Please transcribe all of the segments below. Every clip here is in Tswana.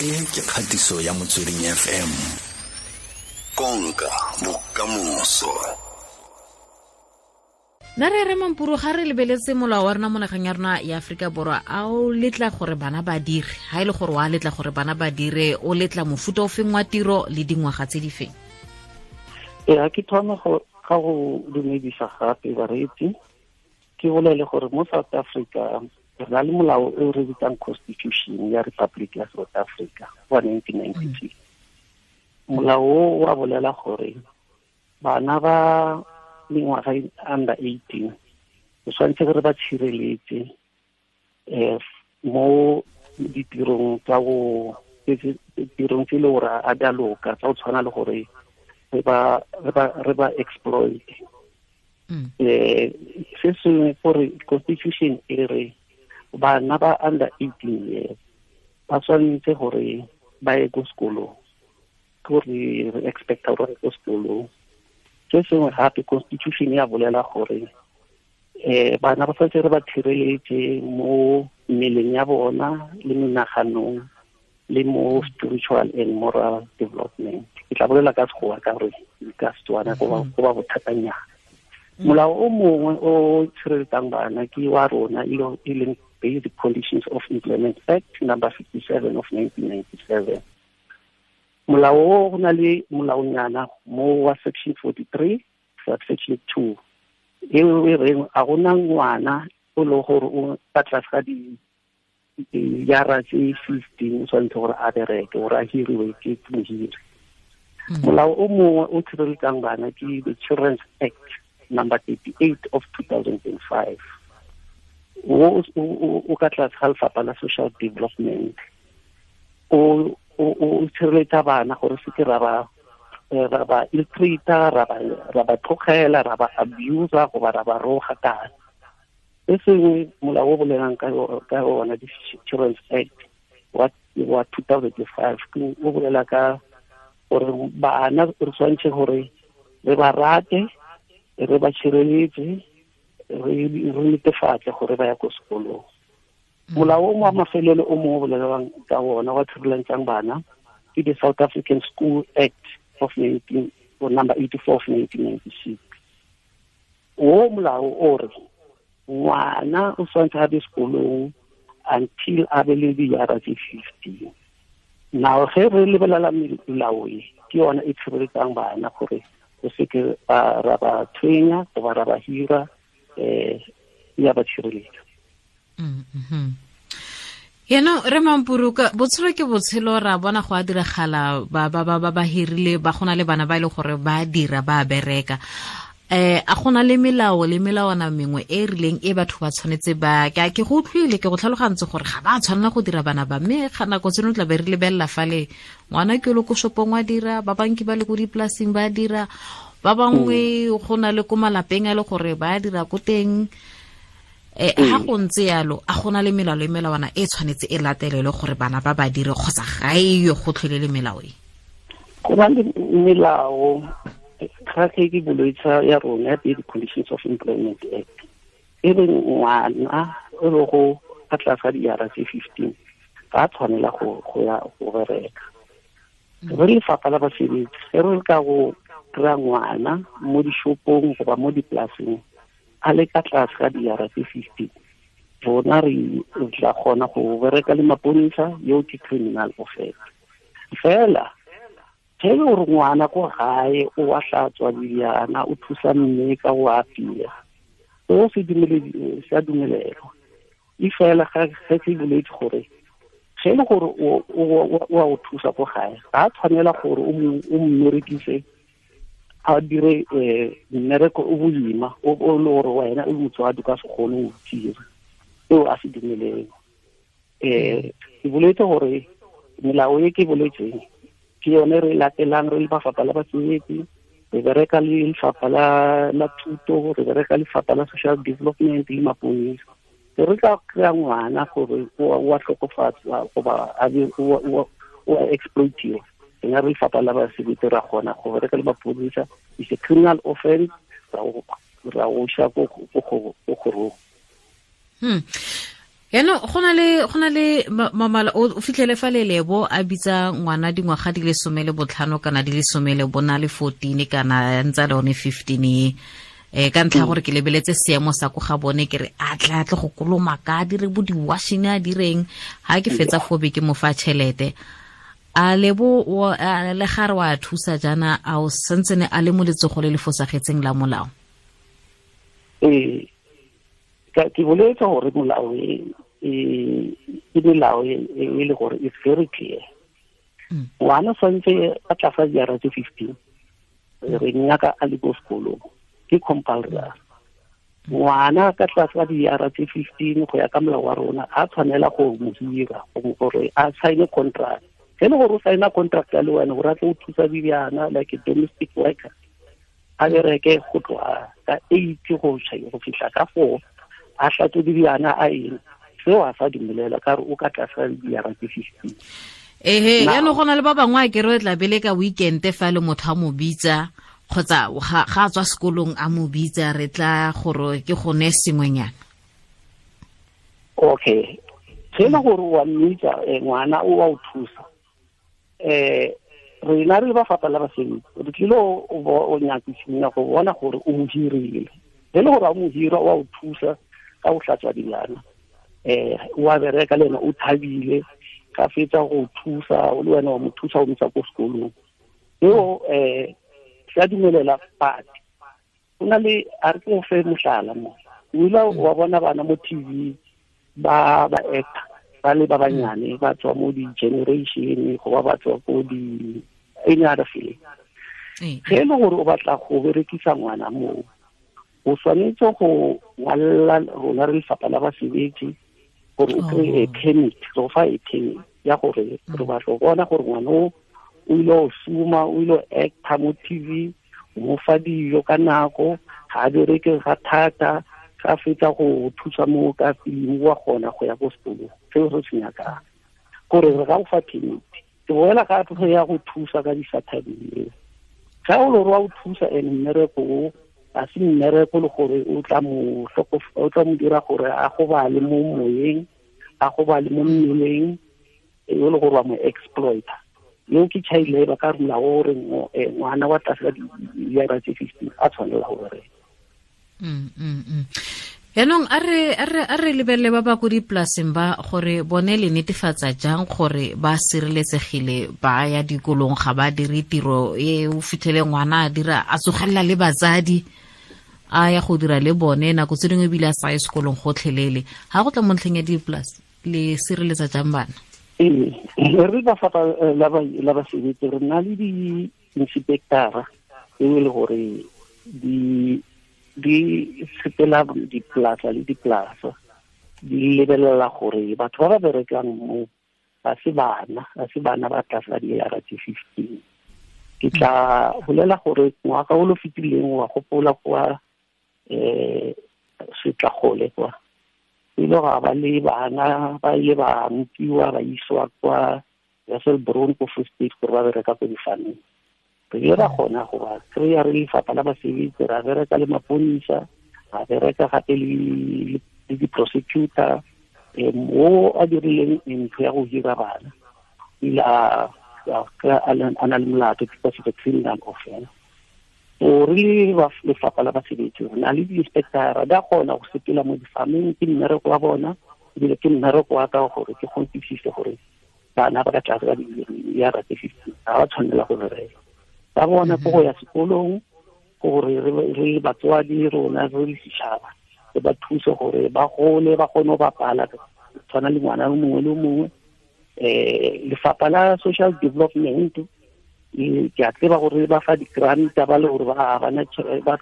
e ke kgatiso ya motsweding fm konka bokamoso nna re re mampuru ga re lebeletse molao wa rona mo nageng ya rona ya aforika borwa a o letla gore bana ba dire ga e le gore o a letla gore bana ba dire o letla mofuta o feng wa tiro le dingwaga tse di feng e a ke thoma ka go dumedisa gape bareetsi ke bolele gore mo south africa re na le molao e re bitsang constitution ya republic ya south africa wa 1993 mm. molao o wa bolela gore bana ba mengwaga e under 18 o tshwanetse gore ba tshireletse um mo ditirong tsa go tirong tse e le gore a di tsa go tshwana le gore re ba exploit um se sengwe gore constitution e re bana ba under 18 years eh, ba tshwanetse gore ba ye ko sekolong ke gore re expecta gore ko sekolong se sengwe gape constitution ya bolela gore eh bana ba tshwanetse re ba thireletse mo mmeleng ya bona le menaganong le mo spiritual and moral development ke tla bolela ka sekgowa ka gore ka setswana go ba mm-hmm. bothatanyana molao o mongwe o tshireletsang bana ke wa rona e leng e obey the conditions of Employment Act number 57 of 1997. Molao o go na le molaonyana mo wa section 43 Section 2 e e reng a gona ngwana o le gore o ka tlase ga di yara tse 15 o tshwanetse gore a bereke gore a hiriwe ke mohiri hmm. molao o mongwe o tshireletsang bana ke the children's act number 38 of 2005 o ka tlase ga lefapha la social development o tshireletsa bana gore se ke ra ba eh, ra ba iltrita ra ba ra ba tlogela ra ba abusa go ba ra ba roga kana e sengwe molao o bolelang ka ona di-children's act wa 2005 o bolela ka gore bana re tshwanetse gore re ba rate re ba tshireletse re netefatle gore ba ya ko sekolong molaong wa mafelelo o mongwe bolelewang ka ona wa thirelantshang bana ke the south african school act of 19 or number 84 of 1996 o molao o re ngwana o tshwanetse a be sekolong until a be le diara tse fifteen now ge re lebelela melao e ke yone e tshireletsang bana gore o seke ra ba tshwenya ba ra ba hira eh ya ba tshireletso mm, mm-hmm. yaanong re mampuruka botshelo ke botshelo ra bona go a diragala ba ba ba ba hirile ba gona le bana ba ile e gore ba dira ba bereka eh a gona le melao le melawana mengwe e, e rileng e batho ba tshwanetse ba ke ke go utlwile ke go tlhalogantse gore ga ba tshwanela go dira bana ba mme ga nako tseno tla ba re lebelela fale ngwana ke lo ko shopong wa dira ba banki ba le ko dipolaseng ba dira ba bangwe mm. go na le ko malapeng a e le gore ba dira ko teng eh ha mm. go ntse yalo a gona le melao e melawana e tshwanetse e latelele gore bana ba ba dire kgotsa ga eyo go tlhole le melao e go ba le melao ga ke ke boloitsa ya rona ya di-conditions of employment act e re ngwana e le go ka tlasa diara tse fifteen ga a tshwanela go ya bereka mm. re lefapha la basebetsi e re ka go kry-a ngwana mo dishopong goba mo dipolaseng a le ka tlase ka diara tse fifteen rona re tla kgona go bereka le maponisa yo ke criminal offence fela ge e le gore ngwana ko gae o a hlatswa diana o thusa mme ka o apia o se se a dumelelwa e fela ga se se gore ge e le gore o a o thusa ko gae ga a tshwanela gore o mmerekise a dire um mmereko o boima o le gore wena o motswadi ka se kgone o tsire seo a se dumeleng um ke boletse gore melao e ke boletseng ke yone re latelang re le bafapha la batswenyetsi re bereka le lefapha la la thuto re bereka lefapha la social development le maponisa se re tla kry-a ngwana gore o a tlhokofatswa goba o exploitiwa nga re fapa la basebetsi ra gona go bereka le mapodisa is a criminal offense ra go sha ko kgorong hmm no gona le gona le mamala o fitlhele fa le lebo a bitsa ngwana dingwaga di le some le botlhano kana di le some le bona le 14 kana ntse le one 15 eh ka ntlha gore ke lebeletse seemo sa ko ga bone ke re a tla tle go koloma ka dire bo di-washing a direng ga ke fetsa fobe ke mo fa tšhelete a lebo le gare wa thusa jana a o ne a le mo letsogo le le fosagetseng la molao ee ke boletsa gore molao ke e melao e, e, e le gore it's very clear mm. ngwana santse a tlasa diara tse fifteen re nyaka a le ko sekolong ke compulsory ngwana ka tlasa diara tse fifteen go ya ka molao wa rona a tshwanela go mo hira gore a signe contract ge le gore o signa contract ya le wena gore a tle o thusa bibjana like domestic worker a bereke go tloga ka eight go go fitlha ka four a tlatse bibjana a eng seo a sa dumelela ka re o ka tlasa diara ke fifteen ehe yaanong go na le ba bangwe a kere o tlabele ka weekend fa le motho a mo bitsa kgotsa ga tswa sekolong a mo bitsa re tla gore ke gone sengwenyana okay ke le gore wa mmitsa eh, ngwana o wa o thusa eh rena re ba fapa la baseng re tlile o nyakisinya go bona gore o mo hirile le le gore a mo hira wa o thusa ka go hlatswa dilana eh wa bereka le ena o thabile ka fetsa go thusa o le wena wa mo thusa o motsa ko sekolong eo eh sa dumelela pat o na le a re ke o fe motlala mo o ile wa bona bana mo tv ba ba actor ba le ba banyane ba tswa mo di-generation go ba tswa ko di any other feeling ge e le gore o batla go berekisa ngwana moo o tshwanetse go ngwalela rona re lefapha la basebetsi gore o kry-e oh. permit re fa e permit ya gore re batla go bona gore ngwana o ile o suma o ile o actor mo t v mo fa dijo ka nako ga bereke ga thata ga fetsa go thusa mo ka filimo wa gona go ya ko sekolong seo se se nyakang gore re ka go fa phemiti ke boela gape go ya go thusa ka di-saturday ga o le wa go thusa and mmereko o ga se mmereko le gore o tla mo dira gore a go ba le mo moyeng a go ba le mo mmeleng yo e le gore wa mo exploita yo ke child labor ka rula o eh, ngwana wa tlase ka di tse fifteen a tshwanela go bereka mm, mm, mm. yaanong a re lebelele ba ba ko dipolaseng ba gore bone le netefatsa jang gore ba sireletsegile ba ya dikolong ga ba dire tiro e o fitlhele ngwana a dira a tsogelela le batsadi a ya go dira le bone nako tse dingwe ebile a sa ye sekolong gotlhelele ga go tla mo ntlheng ya dipolase le sireletsa jang bana ee re lefapha la basebetsi re na le di-inspectora eo e le gore di di sepela diplasa le diplasa di lebelela gore batho ba ba berekang mo ba se bana ba se bana ba tlasa diara tse fifteen ke tla bolela gore ngwaga o lo fetileng wa gopola kwa um setlagole kwa e le ga ba le bana ba ile ba nkiwa ba isiwa kwa russell brown ko free state gore ba bereka ko difaneng re dira ra go ba kry-a re lefapha la basebetsi ra bereka le maponisa ra bereka gape le di-prosecutor um o a dirileng ntho ya go hira bana ile a ka na le molato because of criminal offence so re le lefapha la basebetsi re na le di-inspectora di a kgona go sepela mo difameng ke mmereko wa bona ebile ke mmereko wa ka gore ke gontesise gore bana ba ka tlase ka ya rate fifteen ga ba tshwanela go bereka ba bona ko go ya mhm. sekolong gore re batswadi rona re le setšhaba re ba thuse gore ba gole ba kgone go bapala tshwana le ngwana o mongwe le mongwe um lefapha la social development e, ke a tseba gore ba fa di-granta ba le gore ba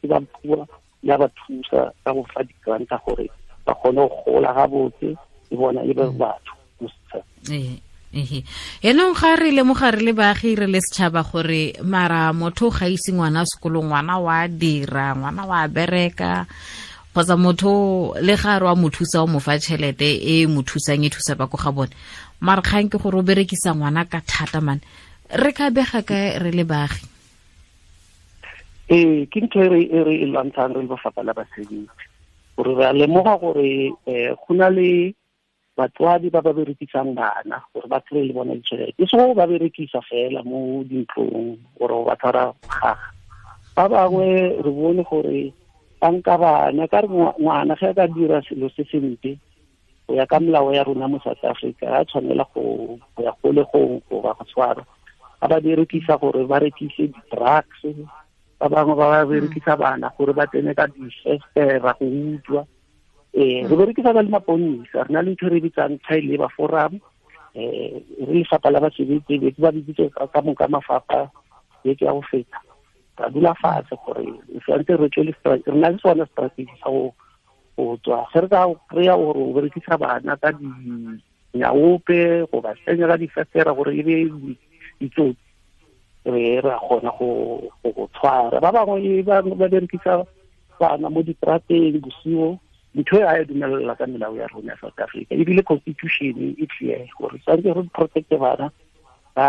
ke ba pua ya ba thusa ka go fa di-granta gore ba kgone go gola ga botse e bona e be batho mo eh. setšhabeng ehe yaanong ga re lemogare le baagi re le setšhaba gore mara motho o gaisi ngwana sekolong ngwana wa dira ngwana wa bereka kgotsa motho le ga re wa mo thusa o mo fa tšhelete e mo thusang e thusa ba ko ga bone mare kgang ke gore o berekisa ngwana ka thata mane re ka bega ka re le baagi ee ke ntho e re e, e lwantshang re le bofapa la basebetsi gore re a lemoga gore um go na le batswadi ba ba berekisang bana gore ba kry le bona ditšhelete e sego ba berekisa fela mo dintlong gore go ba tshwara gaga ba bangwe re bone gore ba nka bana ka re ngwana ge a ka dira selo se sempe go ya ka molao ya rona mo south africa a tshwanela go ya golegong go ba go tshwara ba ba berekisa gore ba rekise di-drugs ba bangwe ba ba berekisa bana gore ba tsene ka di-festera eh, go utlwa eh re berekisana le maponisa re na le ntho e re e bitsang tile labour forum um re lefapha la basebetsi be ba bitsitse ka moka mafapha beke ya go feta ka dula fatshe gore santse re tswe re na le sona strategy sa go tswa ge re ka kry-a gore o berekisa bana ka dinyaope go ba senya ka difesera gore e be ditsotsi re ra kgona go tshwara ba bangwe ba berekisa bana mo diterateng bosio ntho e a e dumelela ka melao ya rona ya south africa ebile constitution eh, e clear ah, gore santse re protecte bana ba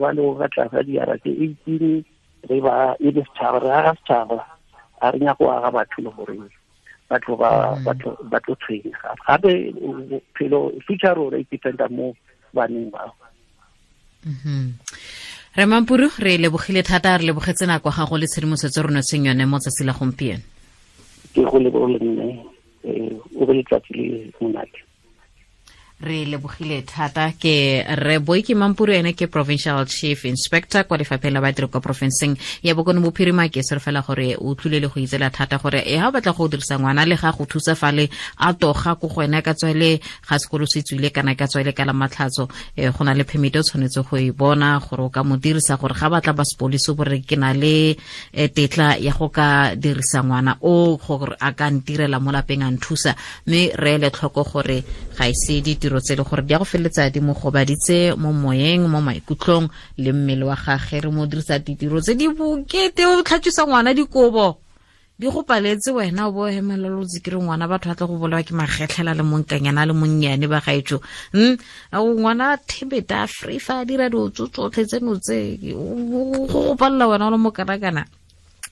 ba le go ka tlasa diara tse eighteen re ba e le setšhaba re aga setšhaba a re nya go aga batho le gore ba tlo tshwenyega gape phelo future rona e dependa mo baneng bao mm-hmm. re mampuru re lebogile thata re lebogetse nako ga go le tshedimosetso rona tsheng yone mo tsatsi la gompieno e go le bo nne o be letsatsi le monate re lebogile thata ke re boiki mampuru ene ke provincial chief inspector kwa lefapheng la badiri kwa porofenseng ya bokone bophirima ke re fela gore o tlile le go itsela thata gore e ga o batla go dirisa ngwana le ga go thusa fale a toga ko go ene ka tswele ga sekolo se tswile kana ka tswele ka la matlhatso um go na le permite o tshwanetse go e bona gore o ka mo dirisa gore ga batla ba sepolisi bore ke na le e, tetla ya go ka dirisa ngwana o gore a ka ntirela mo lapeng a nthusa mme re ele tlhoko gore ga ise e ditiro tse e le gore di a go feleletsa di mo gobaditse mo moyeng mo maikutlong le mmele wa gage re mo dirisa ditiro tse di bokete o tlhatswisa ngwana dikobo di go paletse wena o bo emelela o tsikire ngwana batho ba tla go bolewa ke magetlhela le monkanyana le monnyane ba gaetso m hmm? ngwana thebeta a fa a dira dilo tso tsotlhe tseno tse go go palela wena o le mokarakana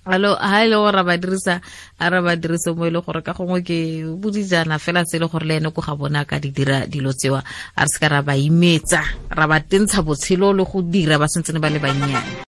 alo ha ile e gore ba dirisa a re ba dirise mo ile e gore ka gongwe ke bodijana fela se e le gore le ene ko ga bona ka di dira dilo tsewa a re se ka ra ba imetsa ra ba tentsha botshelo le go dira ba sentse ne ba le bannyane